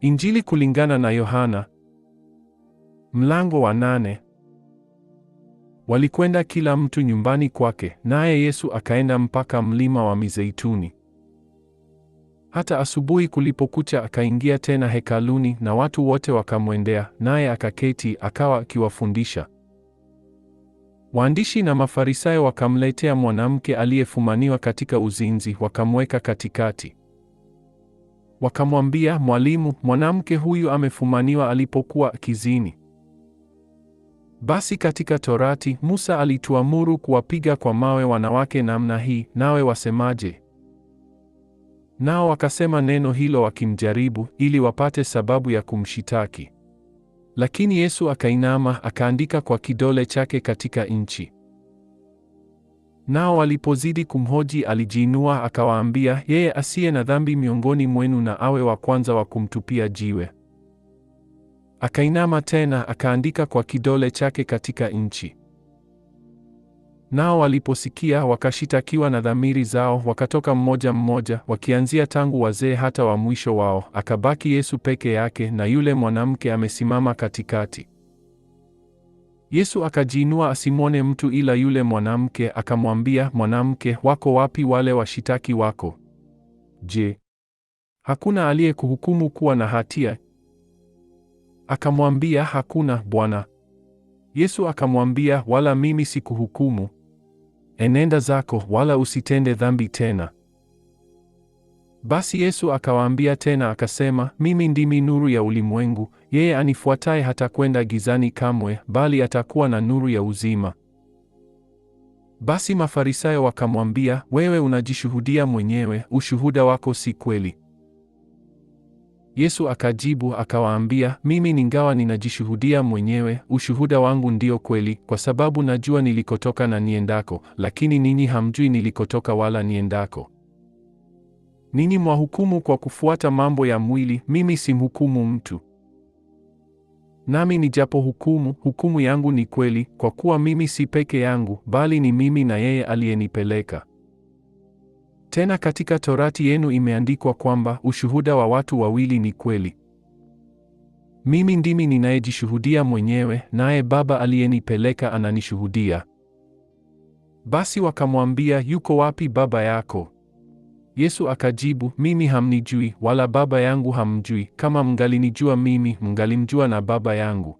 Injili kulingana na Yohana mlango wa nane. Walikwenda kila mtu nyumbani kwake, naye Yesu akaenda mpaka mlima wa Mizeituni. Hata asubuhi kulipokucha, akaingia tena hekaluni, na watu wote wakamwendea, naye akaketi, akawa akiwafundisha. Waandishi na Mafarisayo wakamletea mwanamke aliyefumaniwa katika uzinzi, wakamweka katikati Wakamwambia, Mwalimu, mwanamke huyu amefumaniwa alipokuwa kizini. Basi katika Torati Musa alituamuru kuwapiga kwa mawe wanawake namna hii, nawe wasemaje? Nao wakasema neno hilo wakimjaribu, ili wapate sababu ya kumshitaki. Lakini Yesu akainama, akaandika kwa kidole chake katika nchi. Nao walipozidi kumhoji alijiinua akawaambia, yeye asiye na dhambi miongoni mwenu na awe wa kwanza wa kumtupia jiwe. Akainama tena akaandika kwa kidole chake katika nchi. Nao waliposikia wakashitakiwa na dhamiri zao, wakatoka mmoja mmoja, wakianzia tangu wazee hata wa mwisho wao. Akabaki Yesu peke yake, na yule mwanamke amesimama katikati. Yesu akajiinua asimwone mtu ila yule mwanamke, akamwambia, Mwanamke, wako wapi wale washitaki wako? Je, hakuna aliyekuhukumu kuwa na hatia? Akamwambia, hakuna, Bwana. Yesu akamwambia, wala mimi sikuhukumu. Enenda zako, wala usitende dhambi tena. Basi Yesu akawaambia tena akasema, mimi ndimi nuru ya ulimwengu, yeye anifuataye hatakwenda gizani kamwe, bali atakuwa na nuru ya uzima. Basi Mafarisayo wakamwambia, wewe unajishuhudia mwenyewe, ushuhuda wako si kweli. Yesu akajibu akawaambia, mimi ningawa ninajishuhudia mwenyewe, ushuhuda wangu ndio kweli, kwa sababu najua nilikotoka na niendako, lakini ninyi hamjui nilikotoka wala niendako. Ninyi mwahukumu kwa kufuata mambo ya mwili, mimi simhukumu mtu. Nami nijapohukumu, hukumu yangu ni kweli, kwa kuwa mimi si peke yangu, bali ni mimi na yeye aliyenipeleka. Tena katika Torati yenu imeandikwa kwamba ushuhuda wa watu wawili ni kweli. Mimi ndimi ninayejishuhudia mwenyewe, naye Baba aliyenipeleka ananishuhudia. Basi wakamwambia, yuko wapi baba yako? Yesu akajibu, mimi hamnijui, wala Baba yangu hamjui. Kama mngalinijua mimi, mngalimjua na Baba yangu.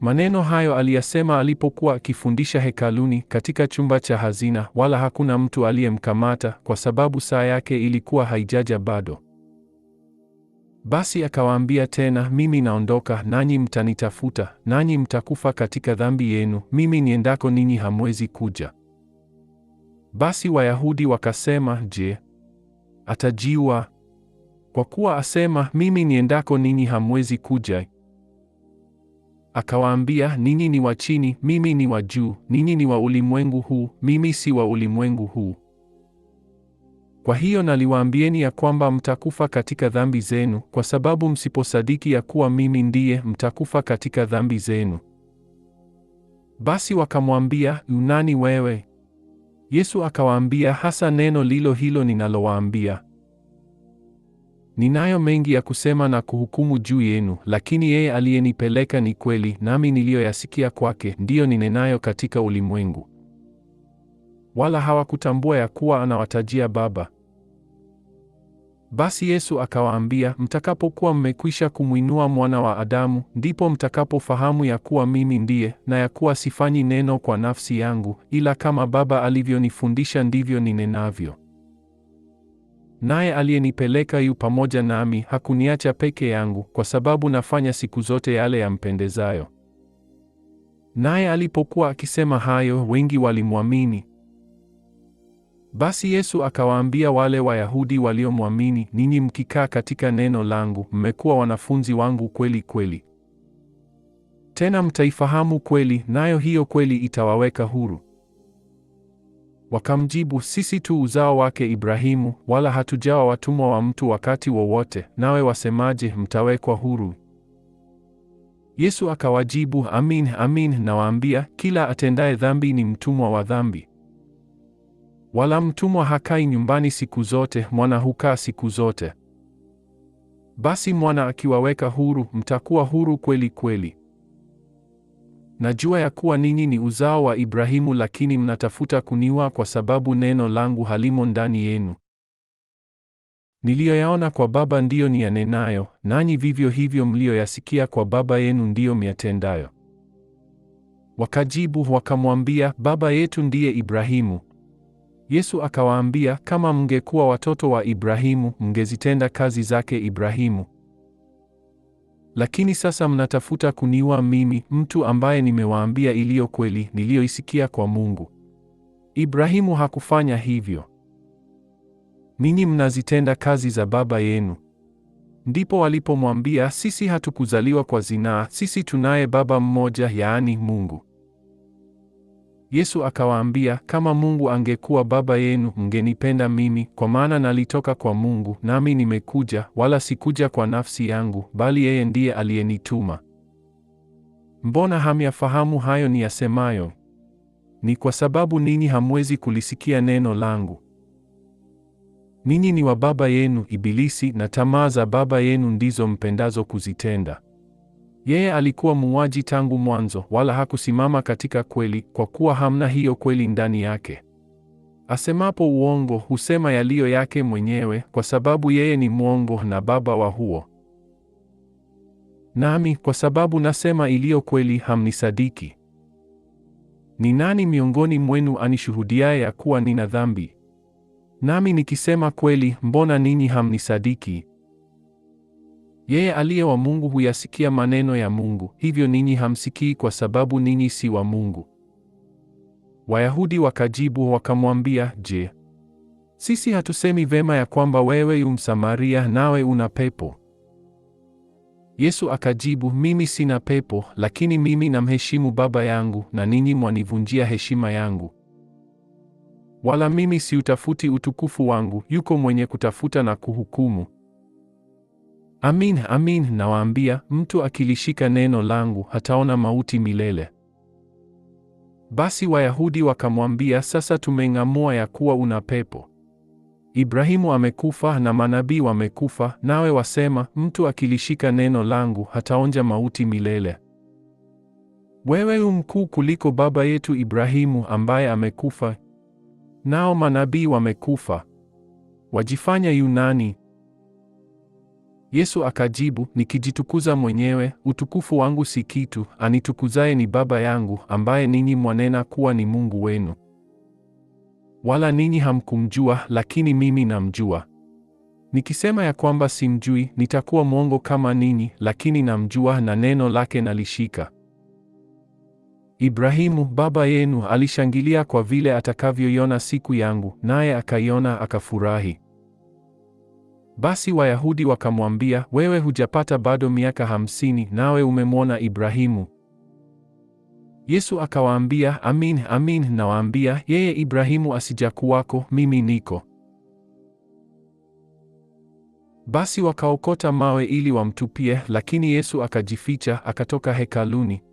Maneno hayo aliyasema alipokuwa akifundisha hekaluni katika chumba cha hazina, wala hakuna mtu aliyemkamata, kwa sababu saa yake ilikuwa haijaja bado. Basi akawaambia tena, mimi naondoka, nanyi mtanitafuta, nanyi mtakufa katika dhambi yenu. Mimi niendako, ninyi hamwezi kuja. Basi Wayahudi wakasema, je, atajiwa? Kwa kuwa asema, mimi niendako ninyi hamwezi kuja. Akawaambia, ninyi ni wa chini, mimi ni wa juu, ninyi ni wa ulimwengu huu, mimi si wa ulimwengu huu. Kwa hiyo naliwaambieni ya kwamba mtakufa katika dhambi zenu, kwa sababu msiposadiki ya kuwa mimi ndiye, mtakufa katika dhambi zenu. Basi wakamwambia, Yunani wewe Yesu akawaambia hasa neno lilo hilo ninalowaambia. Ninayo mengi ya kusema na kuhukumu juu yenu, lakini yeye aliyenipeleka ni kweli, nami niliyoyasikia kwake ndiyo ninenayo katika ulimwengu. Wala hawakutambua ya kuwa anawatajia Baba. Basi Yesu akawaambia, mtakapokuwa mmekwisha kumwinua mwana wa Adamu, ndipo mtakapofahamu ya kuwa mimi ndiye, na ya kuwa sifanyi neno kwa nafsi yangu, ila kama Baba alivyonifundisha ndivyo ninenavyo. Naye aliyenipeleka yu pamoja nami, hakuniacha peke yangu, kwa sababu nafanya siku zote yale yampendezayo. Naye alipokuwa akisema hayo, wengi walimwamini. Basi Yesu akawaambia wale Wayahudi waliomwamini, ninyi mkikaa katika neno langu, mmekuwa wanafunzi wangu kweli kweli. Tena mtaifahamu kweli, nayo hiyo kweli itawaweka huru. Wakamjibu, sisi tu uzao wake Ibrahimu, wala hatujawa watumwa wa mtu wakati wowote, nawe wasemaje mtawekwa huru? Yesu akawajibu, amin amin nawaambia, kila atendaye dhambi ni mtumwa wa dhambi. Wala mtumwa hakai nyumbani siku zote, mwana hukaa siku zote. Basi mwana akiwaweka huru, mtakuwa huru kweli kweli. Najua ya kuwa ninyi ni uzao wa Ibrahimu, lakini mnatafuta kuniua, kwa sababu neno langu halimo ndani yenu. Niliyoyaona kwa Baba ndiyo niyanenayo, nanyi vivyo hivyo mliyoyasikia kwa baba yenu ndiyo myatendayo. Wakajibu wakamwambia, Baba yetu ndiye Ibrahimu. Yesu akawaambia, kama mngekuwa watoto wa Ibrahimu, mngezitenda kazi zake Ibrahimu. Lakini sasa mnatafuta kuniua mimi, mtu ambaye nimewaambia iliyo kweli, niliyoisikia kwa Mungu. Ibrahimu hakufanya hivyo. Ninyi mnazitenda kazi za baba yenu. Ndipo walipomwambia, sisi hatukuzaliwa kwa zinaa, sisi tunaye baba mmoja, yaani Mungu. Yesu akawaambia, kama Mungu angekuwa baba yenu, mngenipenda mimi, kwa maana nalitoka kwa Mungu, nami nimekuja, wala sikuja kwa nafsi yangu, bali yeye ndiye aliyenituma. Mbona hamyafahamu hayo niyasemayo? Ni kwa sababu ninyi hamwezi kulisikia neno langu. Ninyi ni wa baba yenu Ibilisi, na tamaa za baba yenu ndizo mpendazo kuzitenda. Yeye alikuwa muuaji tangu mwanzo, wala hakusimama katika kweli, kwa kuwa hamna hiyo kweli ndani yake. Asemapo uongo, husema yaliyo yake mwenyewe, kwa sababu yeye ni mwongo na baba wa huo. Nami kwa sababu nasema iliyo kweli, hamnisadiki. Ni nani miongoni mwenu anishuhudiaye ya kuwa nina dhambi? Nami nikisema kweli, mbona ninyi hamnisadiki? Yeye aliye wa Mungu huyasikia maneno ya Mungu, hivyo ninyi hamsikii kwa sababu ninyi si wa Mungu. Wayahudi wakajibu wakamwambia, Je, sisi hatusemi vema ya kwamba wewe yu Msamaria nawe una pepo? Yesu akajibu, mimi sina pepo, lakini mimi namheshimu Baba yangu na ninyi mwanivunjia heshima yangu. Wala mimi siutafuti utukufu wangu, yuko mwenye kutafuta na kuhukumu. Amin, amin nawaambia, mtu akilishika neno langu hataona mauti milele. Basi Wayahudi wakamwambia, sasa tumeng'amua ya kuwa una pepo. Ibrahimu amekufa na manabii wamekufa, nawe wasema mtu akilishika neno langu hataonja mauti milele. Wewe u mkuu kuliko baba yetu Ibrahimu ambaye amekufa, nao manabii wamekufa. Wajifanya Yunani Yesu akajibu, nikijitukuza mwenyewe, utukufu wangu si kitu, anitukuzaye ni Baba yangu, ambaye ninyi mwanena kuwa ni Mungu wenu. Wala ninyi hamkumjua, lakini mimi namjua. Nikisema ya kwamba simjui, nitakuwa mwongo kama ninyi, lakini namjua na neno lake nalishika. Ibrahimu baba yenu alishangilia kwa vile atakavyoiona siku yangu, naye akaiona akafurahi. Basi Wayahudi wakamwambia, wewe hujapata bado miaka hamsini, nawe umemwona Ibrahimu? Yesu akawaambia, amin amin nawaambia, yeye Ibrahimu asijakuwako, mimi niko. Basi wakaokota mawe ili wamtupie, lakini Yesu akajificha, akatoka hekaluni.